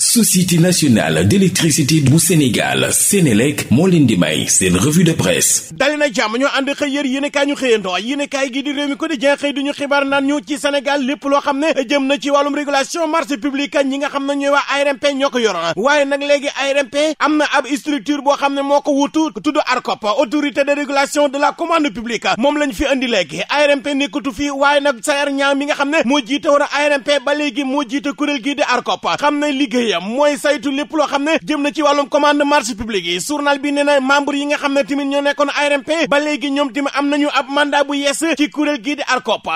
société nationale d'électricité bu Sénégal Sénélec moo leen di may seen revue de presse dali na jàmm ñoo ànd xëy yér yéenekaay ñu xëyandoo yéenekaay gi di réew mi ko di jeex xëy duñu xibaar naan ñu ci Sénégal lépp loo xam ne jëm na ci wàllum régulation marché public ñi nga xam na ñooy waa ARMP ñoo ko yoroon waaye nag léegi ARMP am na ab structure boo xam ne moo ko wutu tudd ARCOP autorité de régulation de la commande publique moom lañ fi andi léegi ARMP waaye nag Saer Niang mi nga xam ne moo jiite ba léegi moo jiite kuréel gii di ARCOP yam mooy saytu lépp xam ne jëm na ci wàllum commande marché public yi journal bi nee na membre yi nga xam ne tamit ñoo nekkoon ARMP ba léegi ñoom tamit am nañu ab mandat bu yees ci kuréel gii di ARCOP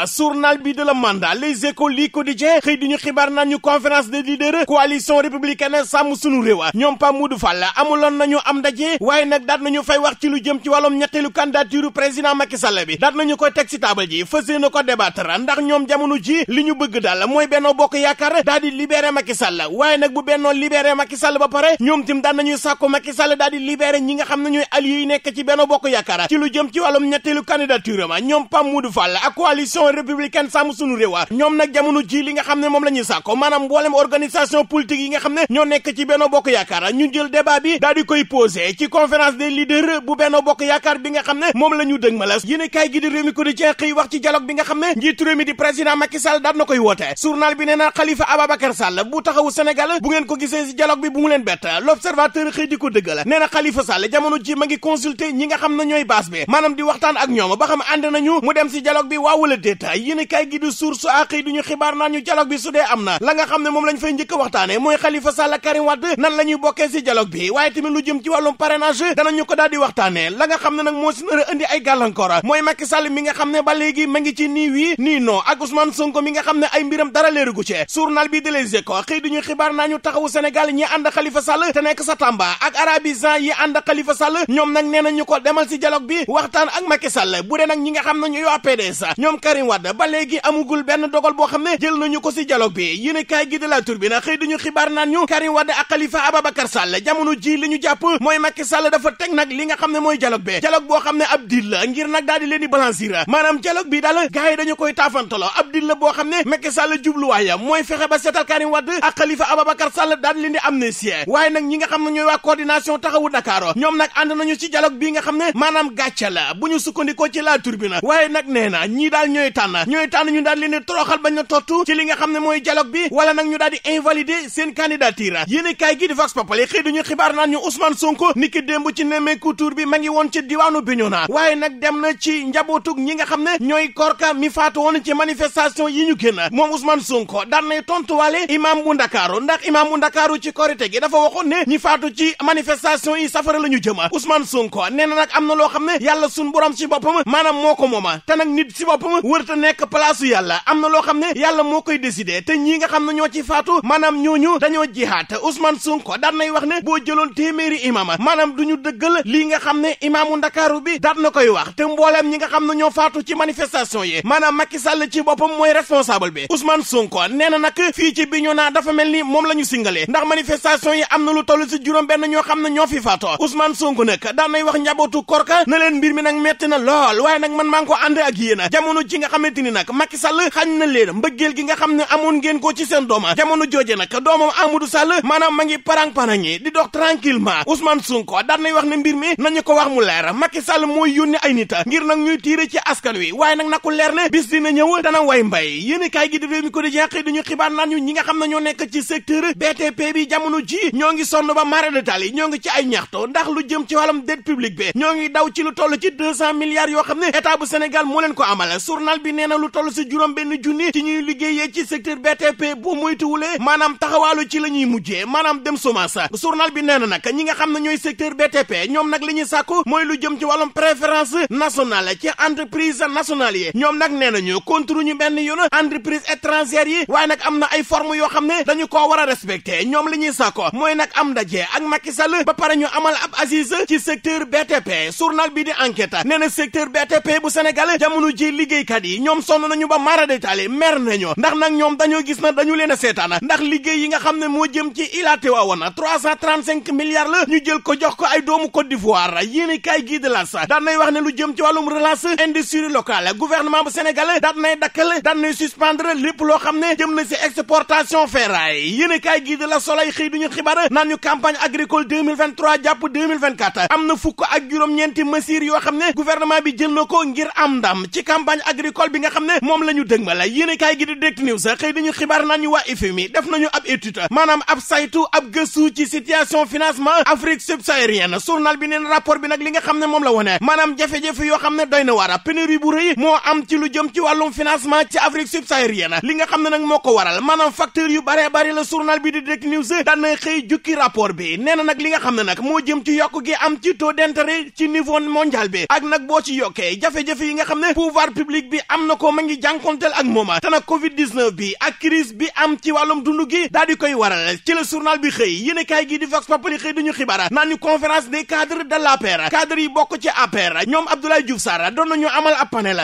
bi de la mandat Les Échos li quotidien xëy di ñu xibaar naan ñu conférence des leaders coalition républicaine sàmm sunu réew a ñoom Pape Moudou Fall amuloon nañu am ndaje waaye nag daat nañu fay wax ci lu jëm ci wàllum ñetteelu kan président Macky Sall bi daat nañu koy teg ci table ji fas yéene ko débattre ndax ñoom jamono ji li ñu bëgg daal mooy Benno Bokk Yaakaar daal di libérer Macky bu bennoo libéré Macky Sall ba pare ñoom tim daan nañuy sàkku Macky Sall daal di libéré ñi nga xam ne ñooy alliés nekk ci Benno Bokk Yaakaar ci lu jëm ci wàllum ñetteelu candidature ma ñoom Pam Moudou Fall sunu réew ñoom nag jamono ji li nga xam ne moom la ñuy sàkku maanaam mboolem organisation politique nga xam ne ñoo nekk ci Benno Bokk Yaakaar ñu jël débat bi daal di koy posé ci conférence bu Benno Bokk Yaakaar bi nga xam ne moom la ñu dëg ma la yéene kaay gi di wax ci dialogue bi nga xam ne njiitu mi di président Macky Sall daan na koy woote journal bi nee na Khalifa Ababacar Sall bu taxawu Sénégal bu ngeen ko gisee si dialogue bi bu mu leen bett l'observateur xëy di ko dëggal nee jamono ji ma ngi consulter ñi nga xam ne ñooy baas bi maanaam di waxtaan ak ñoom ba xam ànd nañu mu dem si dialogue bi waaw wala déet yéen kay gi di source a xëy duñu xibaar naa ñu bi su dee am na la nga xam ne moom lañ fay njëkk a waxtaane mooy Khalifa Sall Karim Wade nan la ñuy bokkee si dialogue bi waaye tamit lu jëm ci wàllum parrainage danañu ko daal di waxtaane la nga xam ne nag moo si nar ay gàllankoor mooy Macky Sall mi nga xam ne ba léegi ma ngi ci nii wii nii non mi nga xam ne ay mbiram dara leerugu ci journal bi de Les Échos xëy duñu xibaar ñu taxawu Sénégal ñi ànd Khalifa Sall te nekk sa Tamba ak arabisant yi ànd Khalifa Sall ñoom nag nee na ñu ko demal si dialogue bi waxtaan ak Macky Sall bu dee nag ñi nga xam ne ñooy waa PDS ñoom Karim Wade ba léegi amugul benn dogal boo xam ne jël na nañu ko si dialogue bi yéen a kaay gi de la Tribune xëy duñu xibaar naan ñu Karim Wade ak Khalifa Ababacar Sall jamono ji li ñu jàpp mooy Macky Sall dafa teg nag li nga xam ne mooy dialogue bi dialogue boo xam ne ab deal la di leen di balancir maanaam bi daal koy taafantalo ab deal xam ne Macky Sall jubluwaayam mooy fexe ba seetal Karim Ababacar Sall daal leen di amnistie waaye nag ñi nga xam ne ñooy waa coordination taxawu Dakar ñoom nag ànd nañu ci dialogue bi nga xam ne maanaam gàcce la bu ñu sukkandikoo ci La Tribune waaye nag nee na ñii daal ñooy tànn ñooy tànn ñu daal leen di toroxal bañ na tott ci li nga xam ne mooy dialogue bi wala nag ñu daal di invalider seen candidature yéen kaay gi di Vox Populi xëy duñu xibaar naan ñu Ousmane Sonko niki démb ci nemmeeku tur bi ma ngi woon ci diwaanu Bignona dem na ci njabootug ñi nga xam ne ñooy korka mi faatu woon ci manifestation yi ñu génn moom Ousmane Sonko daan nay tontuwaale imam bu Ndakaaru ndax imaamu ndakaaru ci korite gi dafa waxoon ne ñi faatu ci manifestation yi safara la ñu jëma na am na loo xam ne yàlla sun borom ci boppam maanaam moo ko mooma te nag nit si boppam wërta nekk palaasu yàlla am na loo xam ne yàlla moo koy décider te ñii nga xam ne ñoo ci faatu maanaam ñooñu dañoo jihaat Ousmane Sonko daan nay wax ne boo jëloon téeméeri imaama maanaam du ñu dëggal lii nga xam ne imaamu ndakaaru bi daan na koy wax te mbooleem ñi nga xam ne ñoo faatu ci manifestation yi ma Macky Sall ci boppam mooy responsable bi Ousmane Sonko nee na nag fii ci ni moom lañu ñu singale ndax manifestation yi am na lu toll si juróom benn ñoo xam ne ñoo fi faatoo Ousmane Sonko nag daan wax njabootu korka na leen mbir mi nag metti na lool waaye nag man maa ngi ko ànd ak yéen a jamono ji nga xamante ni nag Macky Sall xañ na leen mbëggeel gi nga xam ne amoon ngeen ko ci seen dooma jamono jooje nag doomam Amadou Sall maanaam ma ngi parang-parangi di dox tranquillement Ousmane Sonko daan nay wax ne mbir mi nañu ko wax mu leer Macky Sall mooy yónni ay nit ngir nag ñuy tiire ci askan wi waaye nag na ko leer ne bis BTP bi jamono jii ñoo ngi sonn ba mara de tali ñoo ngi ci ay ñaxto ndax lu jëm ci wàllum dette publique bi ñoo ngi daw ci lu toll ci deux cent milliards yoo xam ne état bu Sénégal moo leen ko amala journal bi nee na lu toll si juróom benn junni ci ñuy liggéeyee ci secteur BTP bu moytuwulee maanaam taxawaalu ci la ñuy mujjee maanaam dem semence journal bi nee na nag ñi nga xam ne ñooy secteur BTP ñoom nag li ñuy sàkku mooy lu jëm ci wàllum préférence nationale ci entreprise nationale yi ñoom nag nee nañu contre ñu benn yoon entreprise étrangère yi waaye nag am na ay forme yoo xam ne dañu koo war a respecté ñoom li ñuy sako mooy nag am ndaje ak Macky Sall ba pare ñu amal ab assise ci secteur BTP journal bi di enquête nee na secteur BTP bu Sénégal jamono ji liggéeykat yi ñoom sonn ñu ba mara détaillé mer nañu ndax nag ñoom dañoo gis na dañu leen a seetaan ndax liggéey yi nga xam ne moo jëm ci ilaate waa woon 335 milliards la ñu jël ko jox ko ay doomu Côte d'Ivoire yéene kaay gii de las daan nay wax ne lu jëm ci wàllum relance industrie locale gouvernement bu Sénégal daan nay dakkal daan nay suspendre lépp loo xam ne jëm na si exportation ferraille kaay gii di la Soleil xëy duñu xibaar naan ñu campagne agricole 2023 jàpp 2024 am na fukk ak juróom-ñeenti mesures yoo xam ne gouvernement bi jël na ko ngir am ndam ci campagne agricole bi nga xam ne moom la ñu dëgmal yéen kaay gi di Direct News xëy dañu xibaar naan ñu waa IFMI def nañu ab étude maanaam ab saytu ab gëstu ci situation financement Afrique subsaharienne journal bi neen rapport bi nag li nga xam ne moom la wone maanaam jafe-jafe yoo xam ne doy na waara pénurie bu rëy moo am ci lu jëm ci wàllum financement ci Afrique subsaharienne li nga xam ne nag moo ko waral maanaam facteur yu bare bare la journal journal bi di Direct News daan na xëy jukki rapport bi nee na nag li nga xam ne nag moo jëm ci yokk gi am ci taux d'intérêt ci niveau mondial bi ak nag boo ci yokkee jafe-jafe yi nga xam ne pouvoir public bi am na ko ma ngi jànkonteel ak mooma te nag covid bi ak crise bi am ci wàllum dund gi daal di koy waral ci la journal bi xëy yéen a kaay gi di Vox Populi xëy duñu xibaar naan ñu conférence des cadres de l'APR cadres yi bokk ci APR ñoom Abdoulaye Diouf Sarr doon nañu amal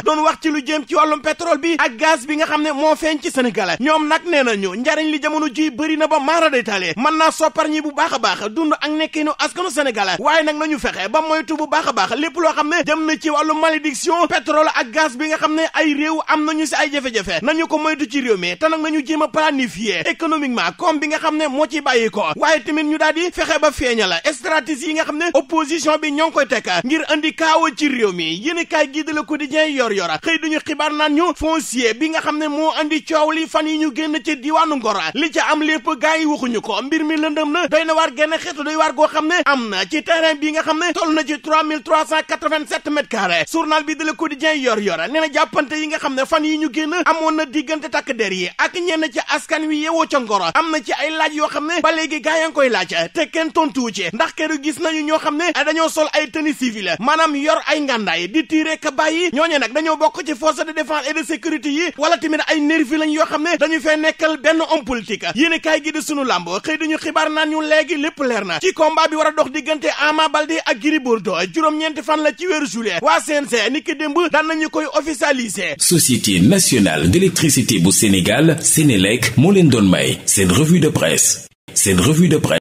wax ci lu jëm ci wàllum pétrole bi ak bi nga xam ne moo feeñ ci Sénégal ñoom nag nee nañu njariñ li jamono ji bëri na ba maara daytaale mën na soppar ñi bu baax a baax dund ak nekkinu askanu Sénégal waaye nag ñu fexe ba moytu bu baax a baax lépp loo xam ne jëm na ci wàllu malédiction pétrole ak gas bi nga xam ne ay réew am nañu si ay jafe-jafe nañu ko moytu ci réew mi te nag nañu jéem a planifier économiquement comme bi nga xam ne moo ci bàyyi ko waaye tamit ñu daal di fexe ba feeñal stratégie yi nga xam ne opposition bi ñoo ngi koy teg ngir andi kaawa ci réew mi yéen kaay gii de Le Quotidien yor yor xëy duñu xibaar naan ñu foncier bi nga xam ne moo andi coow li fan yi ñu génn ci diwaanu Ngor li ca am lépp gaa yi waxuñu ko mbir mi lëndëm na doy na waar genn xeetu doy waar goo xam ne am na ci terrain bi nga xam ne toll na ci trois mille trois cent quatre-vingt-sept mètres carrés journal bi de Le Quotidien yor yora nee na jàppante yi nga xam ne fan yi ñu génn amoon na diggante takk der yi ak ñenn ci askan wi yewoo ca ngoro am na ci ay laaj yoo xam ne ba léegi gaa yaa ngi koy laaj te kenn tontuwu ci ndax keru gis nañu ñoo xam ne dañoo sol ay tenue civile maanaam yor ay ngàndaay di tiire ka bàyyi ñooñu nag dañoo bokk ci force de défense et wala tamit ay nervi yoo xam ne dañu fee nekkal benn homme politique yéen kaay kaay gi di sunu làmb xëy dañu xibaar naan ñu léegi lépp leer na ci combat bi war a dox diggante Ama Baldé ak Gris Bordeaux juróom-ñeenti fan la ci weeru juillet waa CNG ni ki démb daan nañu koy officialiser. Société nationale d'électricité bu Sénégal Sénélec moo doon may seen revue de presse seen revue de presse